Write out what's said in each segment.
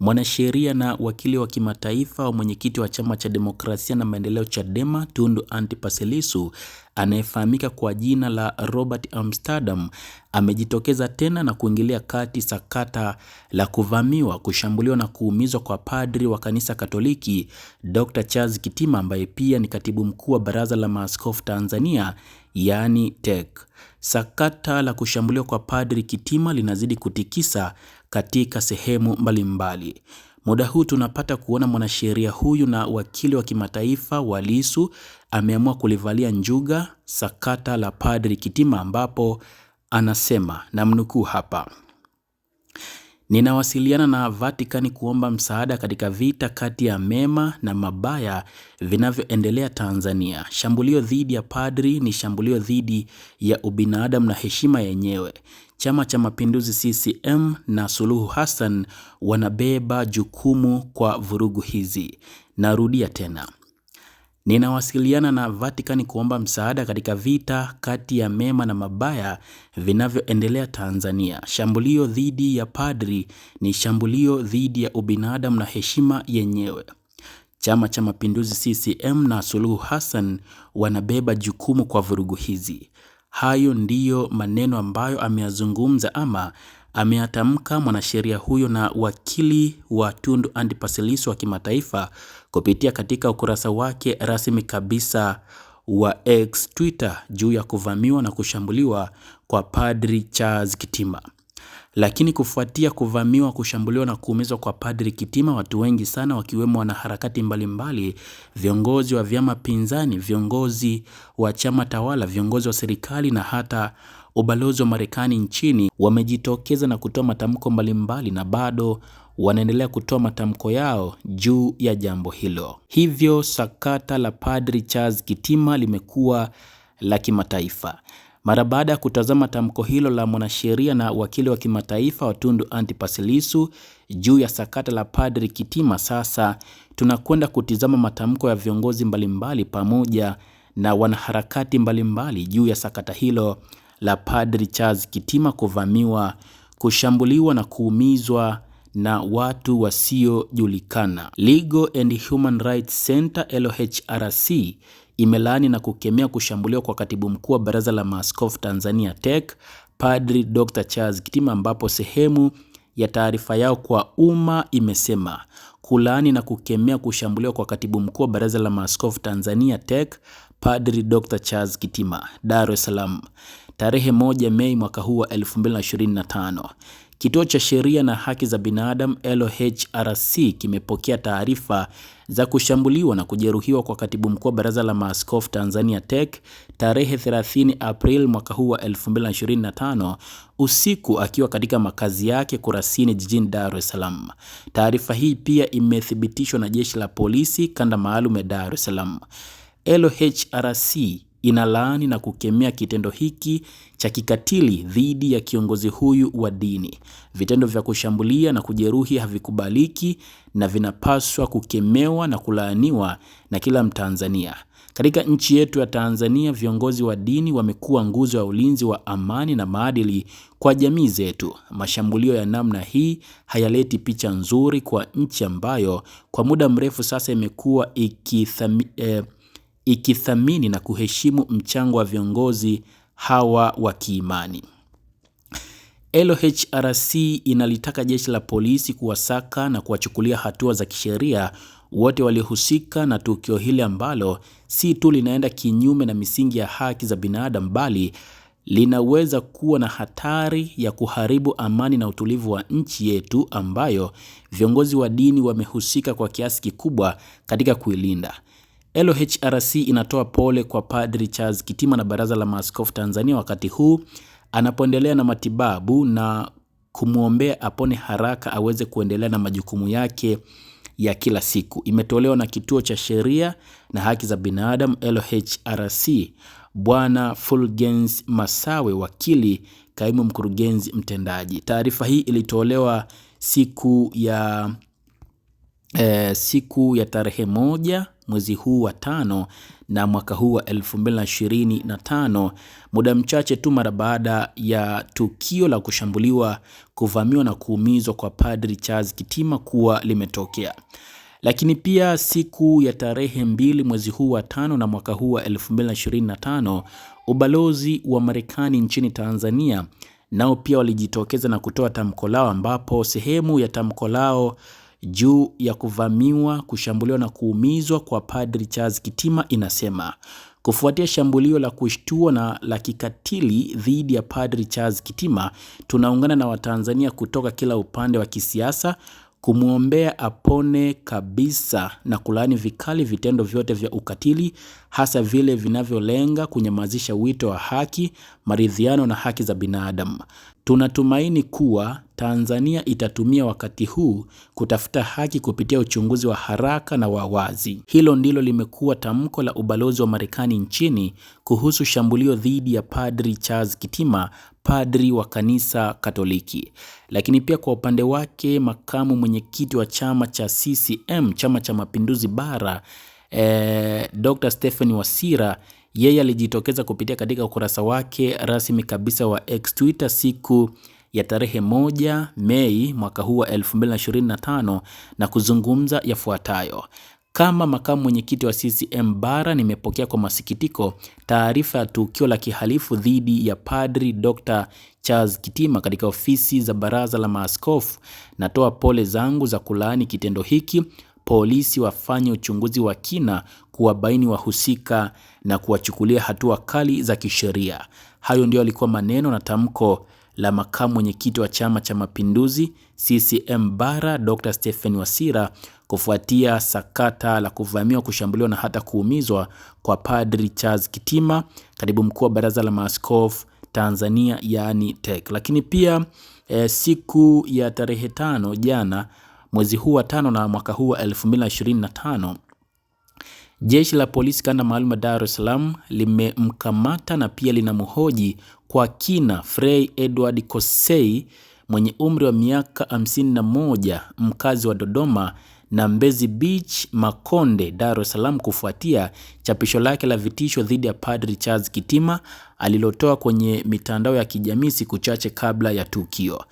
Mwanasheria na wakili wa kimataifa wa mwenyekiti wa chama cha demokrasia na maendeleo Chadema Tundu Antipas Lissu anayefahamika kwa jina la Robert Amsterdam amejitokeza tena na kuingilia kati sakata la kuvamiwa, kushambuliwa na kuumizwa kwa padri wa kanisa Katoliki Dr. Charles Kitima ambaye pia ni katibu mkuu wa Baraza la Maaskofu Tanzania yaani TEC. Sakata la kushambuliwa kwa padri Kitima linazidi kutikisa katika sehemu mbalimbali mbali. Muda huu tunapata kuona mwanasheria huyu na wakili wa kimataifa wa Lissu ameamua kulivalia njuga sakata la Padri Kitima ambapo anasema namnukuu hapa Ninawasiliana na Vatikani kuomba msaada katika vita kati ya mema na mabaya vinavyoendelea Tanzania. Shambulio dhidi ya padri ni shambulio dhidi ya ubinadamu na heshima yenyewe. Chama cha Mapinduzi CCM na Suluhu Hassan wanabeba jukumu kwa vurugu hizi. Narudia tena. Ninawasiliana na Vatican kuomba msaada katika vita kati ya mema na mabaya vinavyoendelea Tanzania. Shambulio dhidi ya padri ni shambulio dhidi ya ubinadamu na heshima yenyewe. Chama cha Mapinduzi CCM na Suluhu Hassan wanabeba jukumu kwa vurugu hizi. Hayo ndiyo maneno ambayo ameyazungumza ama ameyatamka mwanasheria huyo na wakili wa Tundu Antipas Lissu wa kimataifa kupitia katika ukurasa wake rasmi kabisa wa X Twitter juu ya kuvamiwa na kushambuliwa kwa Padri Charles Kitima. Lakini kufuatia kuvamiwa, kushambuliwa na kuumizwa kwa Padri Kitima, watu wengi sana wakiwemo wanaharakati mbalimbali, viongozi wa vyama pinzani, viongozi wa chama tawala, viongozi wa serikali na hata ubalozi wa Marekani nchini wamejitokeza na kutoa matamko mbalimbali na bado wanaendelea kutoa matamko yao juu ya jambo hilo. Hivyo sakata la Padri Charles Kitima limekuwa la kimataifa mara baada ya kutazama tamko hilo la mwanasheria na wakili wa kimataifa wa Tundu Antipas Lissu juu ya sakata la Padri Kitima, sasa tunakwenda kutizama matamko ya viongozi mbalimbali pamoja na wanaharakati mbalimbali juu ya sakata hilo la Padri Charles Kitima kuvamiwa, kushambuliwa na kuumizwa na watu wasiojulikana. Legal and Human Rights Center LHRC imelaani na kukemea kushambuliwa kwa katibu mkuu wa Baraza la Maaskofu Tanzania TEC Padri Dr. Charles Kitima, ambapo sehemu ya taarifa yao kwa umma imesema kulaani na kukemea kushambuliwa kwa katibu mkuu wa Baraza la Maaskofu Tanzania TEC Padri Dr. Charles Kitima, Dar es Salaam tarehe moja Mei mwaka huu wa 2025. Kituo cha Sheria na Haki za Binadamu LOHRC kimepokea taarifa za kushambuliwa na kujeruhiwa kwa Katibu Mkuu wa Baraza la Maaskofu Tanzania TEC tarehe 30 april mwaka huu wa 2025 usiku akiwa katika makazi yake Kurasini jijini Dar es Salaam. Taarifa hii pia imethibitishwa na Jeshi la Polisi kanda maalum ya Dar es Salaam. LOHRC inalaani na kukemea kitendo hiki cha kikatili dhidi ya kiongozi huyu wa dini. Vitendo vya kushambulia na kujeruhi havikubaliki na vinapaswa kukemewa na kulaaniwa na kila Mtanzania. Katika nchi yetu ya Tanzania, viongozi wa dini wamekuwa nguzo ya ulinzi wa amani na maadili kwa jamii zetu. Mashambulio ya namna hii hayaleti picha nzuri kwa nchi ambayo kwa muda mrefu sasa imekuwa ikithami, eh, ikithamini na kuheshimu mchango wa viongozi hawa wa kiimani. LHRC inalitaka jeshi la polisi kuwasaka na kuwachukulia hatua za kisheria wote waliohusika na tukio hili ambalo si tu linaenda kinyume na misingi ya haki za binadamu bali linaweza kuwa na hatari ya kuharibu amani na utulivu wa nchi yetu ambayo viongozi wa dini wamehusika kwa kiasi kikubwa katika kuilinda. LOHRC inatoa pole kwa Padri Charles Kitima na Baraza la Maaskofu Tanzania wakati huu anapoendelea na matibabu na kumwombea apone haraka aweze kuendelea na majukumu yake ya kila siku. Imetolewa na kituo cha sheria na haki za binadamu LOHRC. Bwana Fulgens Masawe, wakili kaimu mkurugenzi mtendaji. Taarifa hii ilitolewa siku ya eh, siku ya tarehe moja mwezi huu wa tano na mwaka huu wa 2025, muda mchache tu mara baada ya tukio la kushambuliwa, kuvamiwa na kuumizwa kwa Padri Charles Kitima kuwa limetokea. Lakini pia siku ya tarehe mbili mwezi huu wa tano na mwaka huu wa 2025, ubalozi wa Marekani nchini Tanzania nao pia walijitokeza na kutoa tamko lao ambapo sehemu ya tamko lao juu ya kuvamiwa, kushambuliwa na kuumizwa kwa Padri Charles Kitima inasema Kufuatia shambulio la kushtua na la kikatili dhidi ya Padri Charles Kitima, tunaungana na Watanzania kutoka kila upande wa kisiasa kumwombea apone kabisa na kulaani vikali vitendo vyote vya ukatili, hasa vile vinavyolenga kunyamazisha wito wa haki, maridhiano na haki za binadamu. Tunatumaini kuwa Tanzania itatumia wakati huu kutafuta haki kupitia uchunguzi wa haraka na wa wazi. Hilo ndilo limekuwa tamko la ubalozi wa Marekani nchini kuhusu shambulio dhidi ya Padri Charles Kitima padri wa kanisa Katoliki. Lakini pia kwa upande wake makamu mwenyekiti wa chama cha CCM, chama cha mapinduzi bara, eh, Dr. Stephen Wasira yeye alijitokeza kupitia katika ukurasa wake rasmi kabisa wa X Twitter siku ya tarehe moja Mei mwaka huu wa 2025 na kuzungumza yafuatayo. Kama makamu mwenyekiti wa CCM Bara, nimepokea kwa masikitiko taarifa ya tukio la kihalifu dhidi ya Padri Dr. Charles Kitima katika ofisi za Baraza la Maaskofu. Natoa pole zangu za kulaani kitendo hiki. Polisi wafanye uchunguzi wa kina kuwabaini wahusika na kuwachukulia hatua kali za kisheria. Hayo ndio alikuwa maneno na tamko la makamu mwenyekiti wa Chama cha Mapinduzi CCM Bara, Dr. Stephen Wasira kufuatia sakata la kuvamiwa, kushambuliwa na hata kuumizwa kwa Padri Charles Kitima, katibu mkuu wa Baraza la Maaskofu Tanzania yani TEC. Lakini pia e, siku ya tarehe tano jana mwezi huu wa tano na mwaka huu wa 2025 jeshi la polisi kanda maalum ya Dar es Salaam limemkamata na pia linamhoji kwa kina Frey Edward Kosei mwenye umri wa miaka 51 mkazi wa Dodoma na Mbezi Beach Makonde, Dar es Salaam kufuatia chapisho lake la vitisho dhidi ya Padri Charles Kitima alilotoa kwenye mitandao ya kijamii siku chache kabla ya tukio.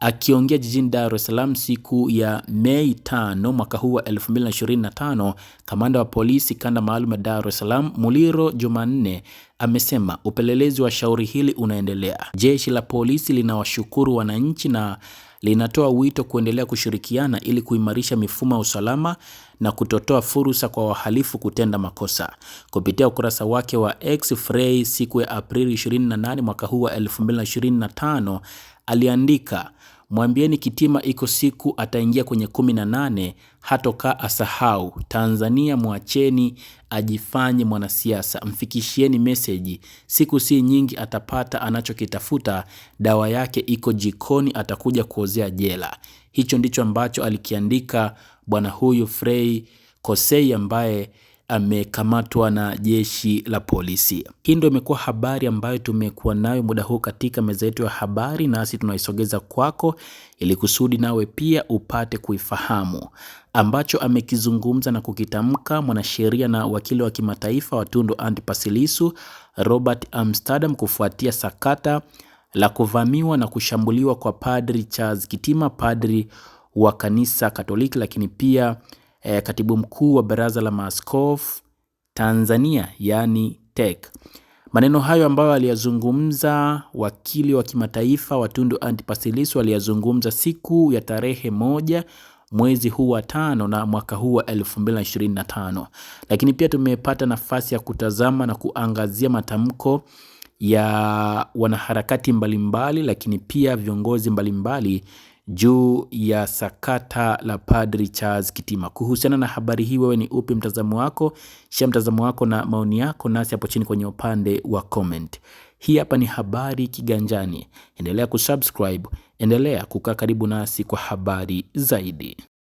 Akiongea jijini Dar es Salaam siku ya Mei tano mwaka huu wa 2025, kamanda wa polisi kanda maalum ya Dar es Salaam Muliro Jumanne amesema upelelezi wa shauri hili unaendelea. Jeshi la polisi linawashukuru wananchi na linatoa wito kuendelea kushirikiana ili kuimarisha mifumo ya usalama na kutotoa fursa kwa wahalifu kutenda makosa. Kupitia ukurasa wake wa X, Frey siku ya Aprili 28 mwaka huu wa 2025 aliandika Mwambieni Kitima iko siku ataingia kwenye kumi na nane hatokaa asahau. Tanzania mwacheni ajifanye mwanasiasa, mfikishieni meseji. Siku si nyingi atapata anachokitafuta, dawa yake iko jikoni, atakuja kuozea jela. Hicho ndicho ambacho alikiandika bwana huyu Frei Kosei ambaye amekamatwa na jeshi la polisi. Hii ndio imekuwa habari ambayo tumekuwa nayo muda huu katika meza yetu ya habari, nasi tunaisogeza kwako ili kusudi nawe pia upate kuifahamu ambacho amekizungumza na kukitamka mwanasheria na wakili wa kimataifa wa Tundu Antipas Lissu Robert Amsterdam kufuatia sakata la kuvamiwa na kushambuliwa kwa Padri Charles Kitima, padri wa kanisa Katoliki, lakini pia e, katibu mkuu wa baraza la maaskofu Tanzania yani TEC. Maneno hayo ambayo aliyazungumza wakili wa kimataifa wa Tundu Antipas Lissu aliyazungumza siku ya tarehe moja mwezi huu wa tano na mwaka huu wa 2025. Lakini pia tumepata nafasi ya kutazama na kuangazia matamko ya wanaharakati mbalimbali, lakini pia viongozi mbalimbali juu ya sakata la Padri Charles Kitima. Kuhusiana na habari hii, wewe ni upi mtazamo wako? Shia mtazamo wako na maoni yako nasi hapo chini kwenye upande wa comment. Hii hapa ni Habari Kiganjani. Endelea kusubscribe, endelea kukaa karibu nasi kwa habari zaidi.